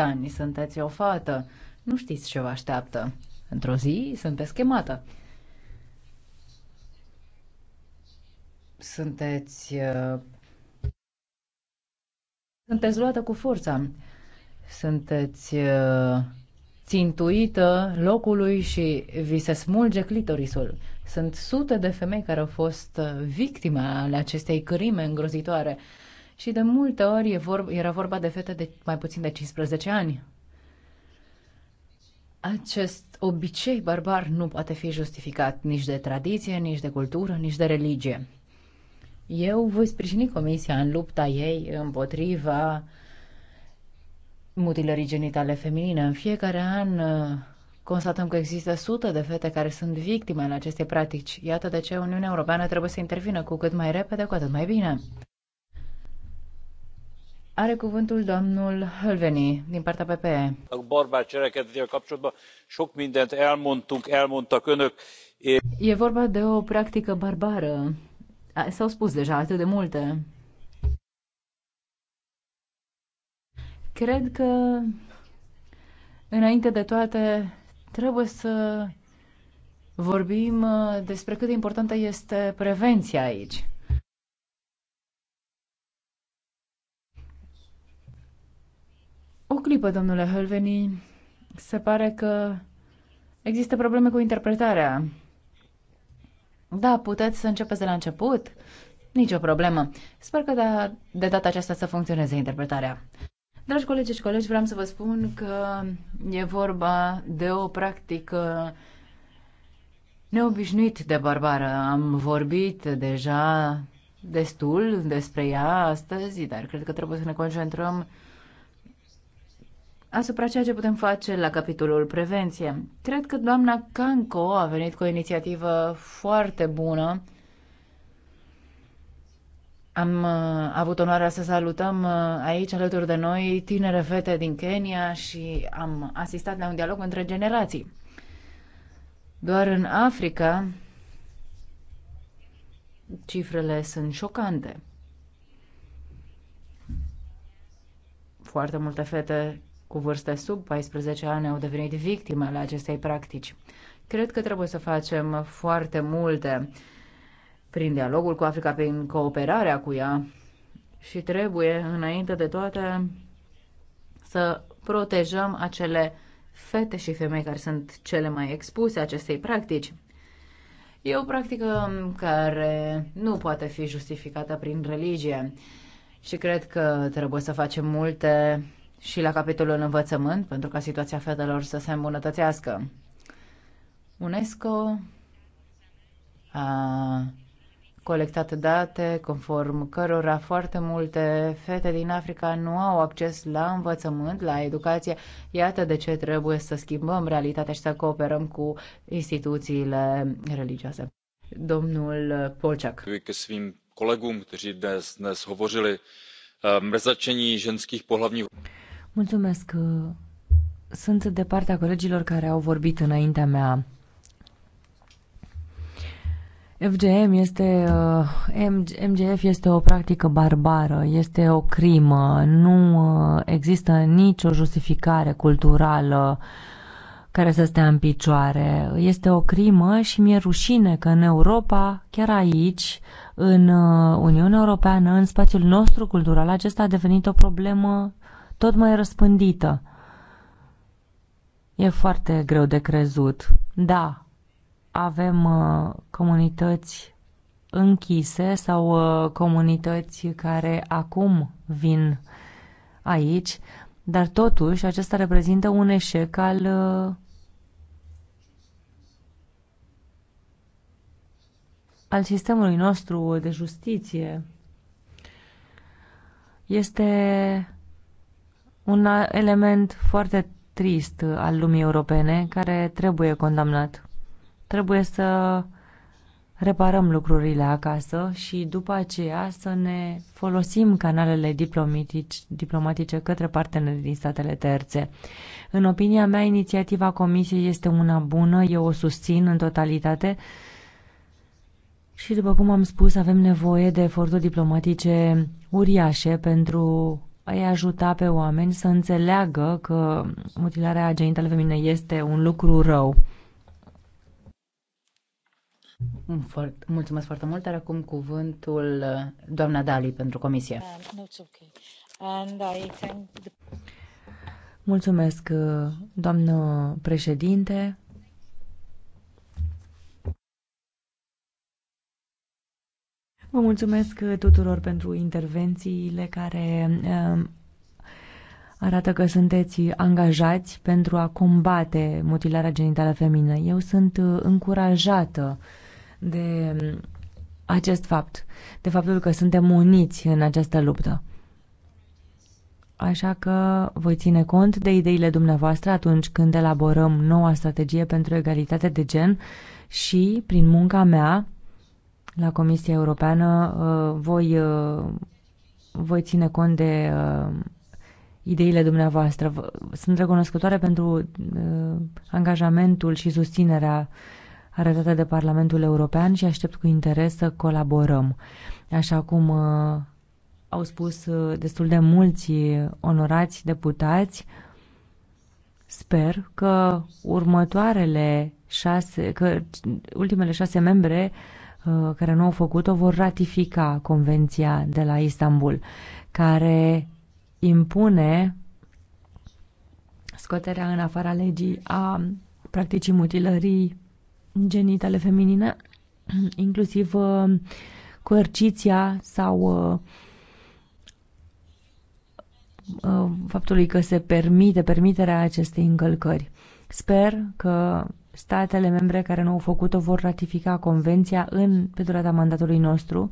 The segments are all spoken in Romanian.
ani, sunteți o fată, nu știți ce vă așteaptă. Într-o zi sunteți chemată. Sunteți... Uh, sunteți luată cu forța. Sunteți uh, țintuită locului și vi se smulge clitorisul. Sunt sute de femei care au fost uh, victime ale acestei crime îngrozitoare și de multe ori e vor, era vorba de fete de mai puțin de 15 ani. Acest obicei barbar nu poate fi justificat nici de tradiție, nici de cultură, nici de religie. Eu voi sprijini Comisia în lupta ei împotriva mutilării genitale feminine. În fiecare an uh, constatăm că există sute de fete care sunt victime ale acestei practici. Iată de ce Uniunea Europeană trebuie să intervină cu cât mai repede, cu atât mai bine. Are cuvântul domnul Hölveni din partea PPE. E vorba de o practică barbară. S-au spus deja atât de multe. Cred că, înainte de toate, trebuie să vorbim uh, despre cât de importantă este prevenția aici. clipă, domnule Hölveni. Se pare că există probleme cu interpretarea. Da, puteți să începeți de la început. Nicio problemă. Sper că da, de data aceasta să funcționeze interpretarea. Dragi colegi și colegi, vreau să vă spun că e vorba de o practică neobișnuit de barbară. Am vorbit deja destul despre ea astăzi, dar cred că trebuie să ne concentrăm asupra ceea ce putem face la capitolul prevenție. Cred că doamna Canco a venit cu o inițiativă foarte bună. Am uh, avut onoarea să salutăm uh, aici alături de noi tinere fete din Kenya și am asistat la un dialog între generații. Doar în Africa cifrele sunt șocante. Foarte multe fete cu vârste sub 14 ani au devenit victime ale acestei practici. Cred că trebuie să facem foarte multe prin dialogul cu Africa, prin cooperarea cu ea și trebuie, înainte de toate, să protejăm acele fete și femei care sunt cele mai expuse acestei practici. E o practică care nu poate fi justificată prin religie și cred că trebuie să facem multe și la capitolul învățământ pentru ca situația fetelor să se îmbunătățească. UNESCO a colectat date conform cărora foarte multe fete din Africa nu au acces la învățământ, la educație. Iată de ce trebuie să schimbăm realitatea și să cooperăm cu instituțiile religioase. Domnul Polčak. Ke svým kolegům, kteří dnes, dnes hovořili, eh, mrzačení ženských pohlavních Mulțumesc. Sunt de partea colegilor care au vorbit înaintea mea. FGM este, uh, MGF este o practică barbară, este o crimă, nu uh, există nicio justificare culturală care să stea în picioare. Este o crimă și mi-e rușine că în Europa, chiar aici, în uh, Uniunea Europeană, în spațiul nostru cultural, acesta a devenit o problemă tot mai răspândită. E foarte greu de crezut. Da, avem uh, comunități închise sau uh, comunități care acum vin aici, dar totuși acesta reprezintă un eșec al uh, al sistemului nostru de justiție. Este un element foarte trist al lumii europene care trebuie condamnat. Trebuie să reparăm lucrurile acasă și după aceea să ne folosim canalele diplomatice către partenerii din statele terțe. În opinia mea, inițiativa Comisiei este una bună, eu o susțin în totalitate și, după cum am spus, avem nevoie de eforturi diplomatice uriașe pentru îi ajuta pe oameni să înțeleagă că mutilarea genitală feminină este un lucru rău. Mulțumesc foarte mult. Are acum cuvântul uh, doamna Dali pentru comisie. Uh, mulțumesc, uh, doamnă președinte. Vă mulțumesc tuturor pentru intervențiile care ehm, arată că sunteți angajați pentru a combate mutilarea genitală feminină. Eu sunt uh, încurajată de mm, acest fapt, de faptul că suntem uniți în această luptă. Așa că voi ține cont de ideile dumneavoastră atunci când elaborăm noua strategie pentru egalitate de gen și, prin munca mea, la Comisia Europeană uh, voi, uh, voi ține cont de uh, ideile dumneavoastră. Sunt recunoscătoare pentru angajamentul și susținerea arătată de Parlamentul European și aștept cu interes să colaborăm. Așa cum au spus destul de mulți onorați deputați, sper că următoarele șase, că ultimele șase membre uh, Uh, care nu au făcut-o vor ratifica Convenția de la Istanbul, care impune scoterea în afara legii a practicii mutilării genitale feminine, inclusiv uh, coerciția sau uh, faptului că se permite permiterea acestei încălcări. Sper că Statele membre care nu au făcut-o vor ratifica convenția în, pe durata mandatului nostru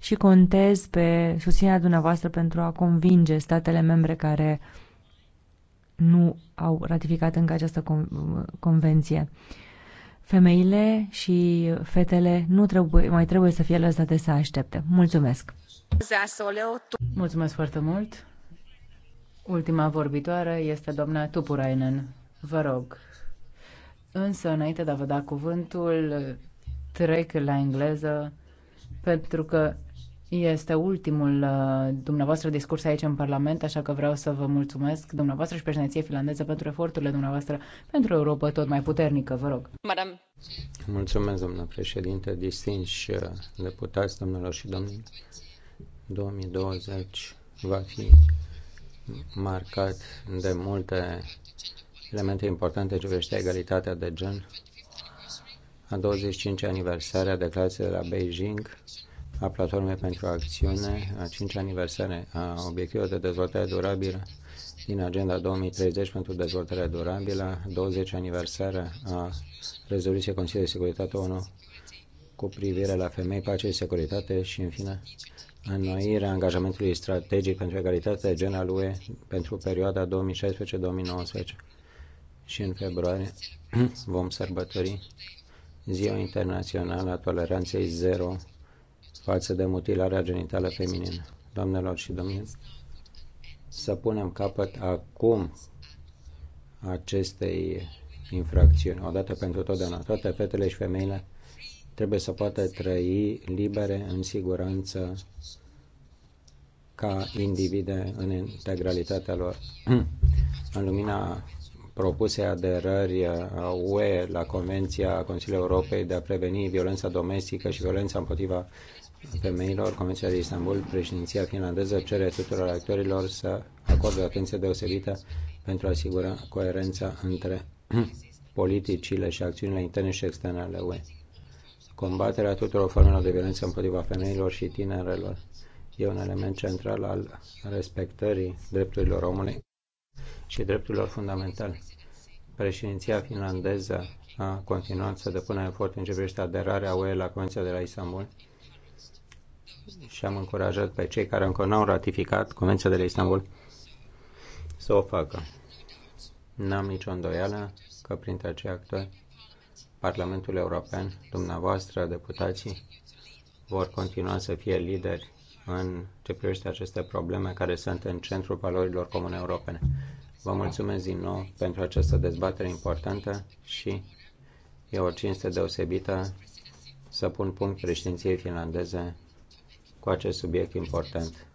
și contez pe susținerea dumneavoastră pentru a convinge statele membre care nu au ratificat încă această convenție. Femeile și fetele nu trebuie, mai trebuie să fie lăsate să aștepte. Mulțumesc! Mulțumesc foarte mult! Ultima vorbitoare este doamna Tupurainen. Vă rog, Însă, înainte de a vă da cuvântul, trec la engleză pentru că este ultimul uh, dumneavoastră discurs aici în Parlament, așa că vreau să vă mulțumesc dumneavoastră și președinție finlandeză pentru eforturile dumneavoastră pentru Europa tot mai puternică. Vă rog. Madam. Mulțumesc, domnule președinte, distinși uh, deputați, domnilor și domnilor. 2020 va fi marcat de multe elemente importante ce privește egalitatea de gen. A 25 -a aniversare a declarației de la Beijing a platformei pentru acțiune, a 5 -a aniversare a obiectivelor de dezvoltare durabilă din Agenda 2030 pentru dezvoltare durabilă, 20 aniversare a rezoluției Consiliului de Securitate ONU cu privire la femei, pace și securitate și, în fine, înnoirea angajamentului strategic pentru egalitatea de gen al UE pentru perioada 2016-2019 și în februarie vom sărbători Ziua Internațională a Toleranței Zero față de mutilarea genitală feminină. Doamnelor și domnilor, să punem capăt acum acestei infracțiuni, odată pentru totdeauna. Toate fetele și femeile trebuie să poată trăi libere, în siguranță, ca individe în integralitatea lor. în lumina propuse aderări uh, UE la Convenția Consiliului Europei de a preveni violența domestică și violența împotriva femeilor, Convenția de Istanbul, președinția finlandeză cere tuturor actorilor să acorde o atenție deosebită pentru a asigura coerența între politicile și acțiunile interne și externe ale UE. Combaterea tuturor formelor de violență împotriva femeilor și tinerelor e un element central al respectării drepturilor omului și drepturilor fundamentale. Președinția finlandeză a continuat să depună efort în ce privește aderarea UE la Convenția de la Istanbul și am încurajat pe cei care încă nu au ratificat Convenția de la Istanbul să o facă. N-am nicio îndoială că printre acei actori Parlamentul European, dumneavoastră, deputații, vor continua să fie lideri în ce privește aceste probleme care sunt în centrul valorilor comune europene. Vă mulțumesc din nou pentru această dezbatere importantă și e o cinste deosebită să pun punct președinției finlandeze cu acest subiect important.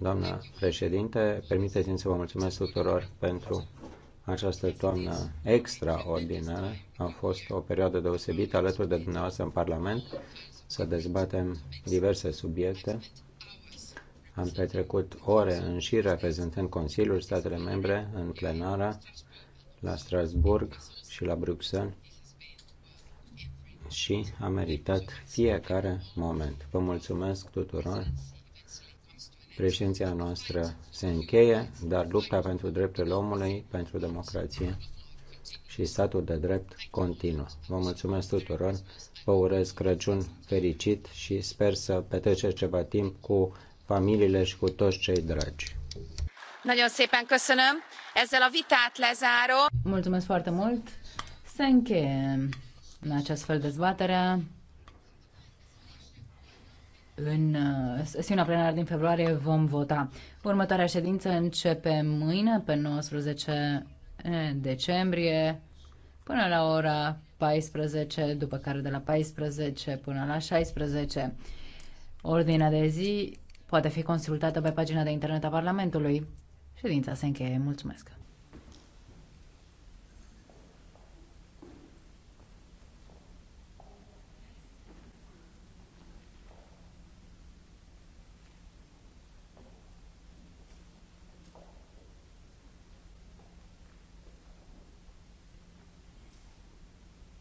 Doamna președinte, permiteți-mi să vă mulțumesc tuturor pentru această toamnă extraordinară. A fost o perioadă deosebită alături de dumneavoastră în Parlament să dezbatem diverse subiecte am petrecut ore în șir reprezentând Consiliul, statele membre, în plenară, la Strasburg și la Bruxelles și a meritat fiecare moment. Vă mulțumesc tuturor. Președinția noastră se încheie, dar lupta pentru drepturile omului, pentru democrație și statul de drept continuă. Vă mulțumesc tuturor, vă urez Crăciun fericit și sper să petreceți ceva timp cu familiile și cu toți cei dragi. Nagyon szépen köszönöm. Ezzel a vitát lezárom. Mulțumesc foarte mult. Se încheie în acest fel dezbaterea. În uh, sesiunea plenară din februarie vom vota. Următoarea ședință începe mâine, pe 19 decembrie, până la ora 14, după care de la 14 până la 16. Ordinea de zi poate fi consultată pe pagina de internet a Parlamentului. Ședința se încheie. Mulțumesc!